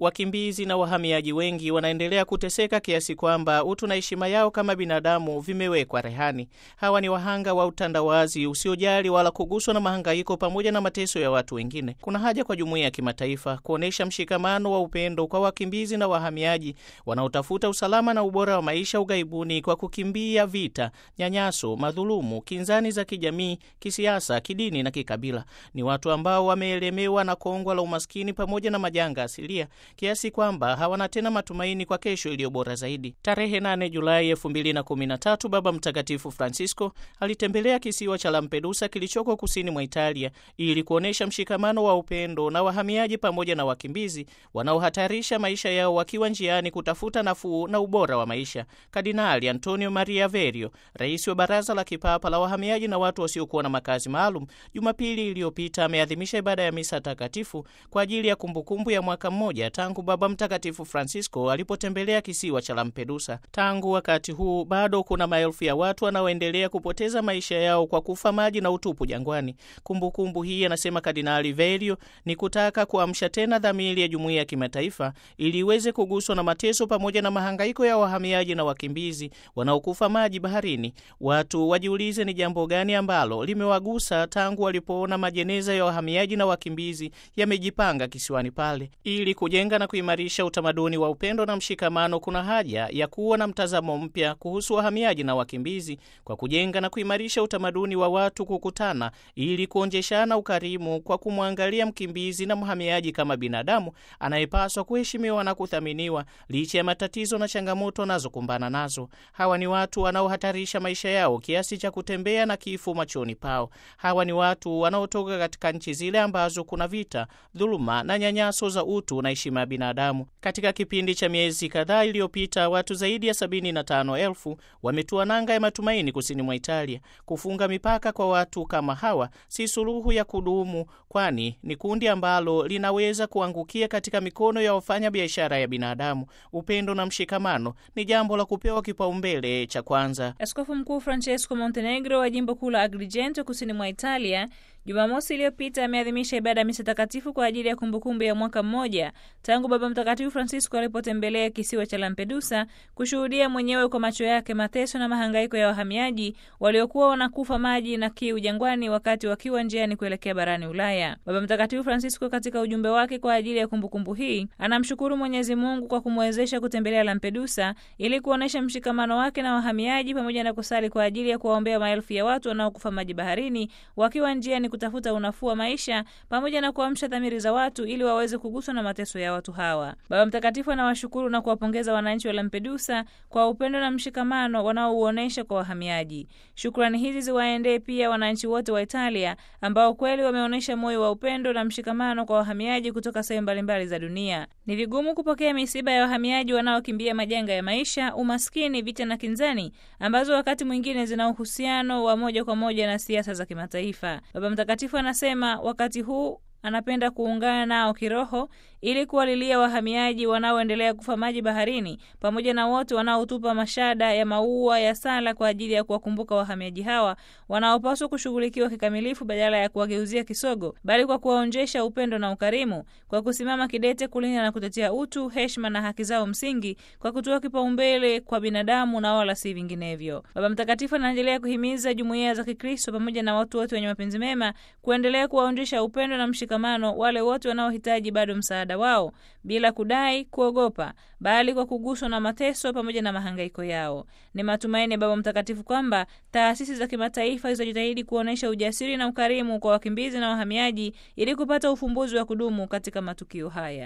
Wakimbizi na wahamiaji wengi wanaendelea kuteseka kiasi kwamba utu na heshima yao kama binadamu vimewekwa rehani. Hawa ni wahanga wa utandawazi usiojali wala kuguswa na mahangaiko pamoja na mateso ya watu wengine. Kuna haja kwa jumuiya ya kimataifa kuonyesha mshikamano wa upendo kwa wakimbizi na wahamiaji wanaotafuta usalama na ubora wa maisha ughaibuni kwa kukimbia vita, nyanyaso, madhulumu, kinzani za kijamii, kisiasa, kidini na kikabila. Ni watu ambao wameelemewa na kongwa la umaskini pamoja na majanga asilia kiasi kwamba hawana tena matumaini kwa kesho iliyo bora zaidi. Tarehe 8 Julai 2013 Baba Mtakatifu Francisco alitembelea kisiwa cha Lampedusa kilichoko kusini mwa Italia ili kuonyesha mshikamano wa upendo na wahamiaji pamoja na wakimbizi wanaohatarisha maisha yao wakiwa njiani kutafuta nafuu na ubora wa maisha. Kardinali Antonio Maria Verio, rais wa Baraza la Kipapa la Wahamiaji na Watu Wasiokuwa na Makazi Maalum, Jumapili iliyopita ameadhimisha ibada ya misa takatifu kwa ajili ya kumbukumbu ya mwaka mmoja tangu Baba Mtakatifu Francisco alipotembelea kisiwa cha Lampedusa. Tangu wakati huu bado kuna maelfu ya watu wanaoendelea kupoteza maisha yao kwa kufa maji na utupu jangwani. Kumbukumbu hii, anasema Kardinali Velio, ni kutaka kuamsha tena dhamiri ya jumuiya ya kimataifa ili iweze kuguswa na mateso pamoja na mahangaiko ya wahamiaji na wakimbizi wanaokufa maji baharini. Watu wajiulize ni jambo gani ambalo limewagusa tangu walipoona majeneza ya wahamiaji na wakimbizi yamejipanga kisiwani pale ili kujenga kujenga na kuimarisha utamaduni wa upendo na mshikamano, kuna haja ya kuwa na mtazamo mpya kuhusu wahamiaji na wakimbizi kwa kujenga na kuimarisha utamaduni wa watu kukutana ili kuonjeshana ukarimu kwa kumwangalia mkimbizi na mhamiaji kama binadamu anayepaswa kuheshimiwa na kuthaminiwa licha ya matatizo na changamoto anazokumbana nazo. Hawa ni watu wanaohatarisha maisha yao kiasi cha kutembea na kifu machoni pao. Hawa ni watu wanaotoka katika nchi zile ambazo kuna vita, dhuluma na nyanyaso za utu na heshima huduma ya binadamu. Katika kipindi cha miezi kadhaa iliyopita, watu zaidi ya 75,000 wametua nanga ya matumaini kusini mwa Italia. Kufunga mipaka kwa watu kama hawa si suluhu ya kudumu, kwani ni kundi ambalo linaweza kuangukia katika mikono ya wafanya biashara ya binadamu. Upendo na mshikamano ni jambo la kupewa kipaumbele cha kwanza. Askofu Mkuu Francesco Montenegro wa jimbo kuu la Agrigento kusini mwa Italia Jumamosi iliyopita ameadhimisha ibada ya misa takatifu kwa ajili ya kumbukumbu ya mwaka mmoja tangu Baba Mtakatifu Francisco alipotembelea kisiwa cha Lampedusa kushuhudia mwenyewe kwa macho yake mateso na mahangaiko ya wahamiaji waliokuwa wanakufa maji na kiu jangwani wakati wakiwa njiani kuelekea barani Ulaya. Baba Mtakatifu Francisco katika ujumbe wake kwa ajili ya kumbukumbu hii anamshukuru Mwenyezi Mungu kwa kumwezesha kutembelea Lampedusa ili kuonyesha mshikamano wake na wahamiaji pamoja na kusali kwa ajili ya kuwaombea maelfu ya watu wanaokufa maji baharini wakiwa njiani kutafuta unafuu wa maisha pamoja na kuamsha dhamiri za watu ili waweze kuguswa na mateso ya watu hawa. Baba Mtakatifu anawashukuru na kuwapongeza wananchi wa Lampedusa kwa upendo na mshikamano wanaouonyesha kwa wahamiaji. Shukrani hizi ziwaendee pia wananchi wote wa Italia ambao kweli wameonyesha moyo wa upendo na mshikamano kwa wahamiaji kutoka sehemu mbalimbali za dunia. Ni vigumu kupokea misiba ya wahamiaji wanaokimbia majanga ya maisha, umaskini, vita na kinzani ambazo wakati mwingine zina uhusiano wa moja kwa moja na siasa za kimataifa. Baba Mtakatifu anasema wakati huu anapenda kuungana nao kiroho ili kuwalilia wahamiaji wanaoendelea kufa maji baharini pamoja na wote wanaotupa mashada ya maua ya sala kwa ajili ya kuwakumbuka wahamiaji hawa wanaopaswa kushughulikiwa kikamilifu badala ya kuwageuzia kisogo, bali kwa kuwaonjesha upendo na ukarimu, kwa kusimama kidete kulinda na kutetea utu, heshima na haki zao msingi, kwa kutoa kipaumbele kwa binadamu na wala si vinginevyo. Baba Mtakatifu anaendelea kuhimiza jumuiya za Kikristo pamoja na watu wote wenye mapenzi mema kuendelea kuwaonjesha upendo na mshika mshikamano wale wote wanaohitaji bado msaada wao bila kudai kuogopa, bali kwa kuguswa na mateso pamoja na mahangaiko yao. Ni matumaini ya Baba Mtakatifu kwamba taasisi za kimataifa zizojitahidi kuonyesha ujasiri na ukarimu kwa wakimbizi na wahamiaji ili kupata ufumbuzi wa kudumu katika matukio haya.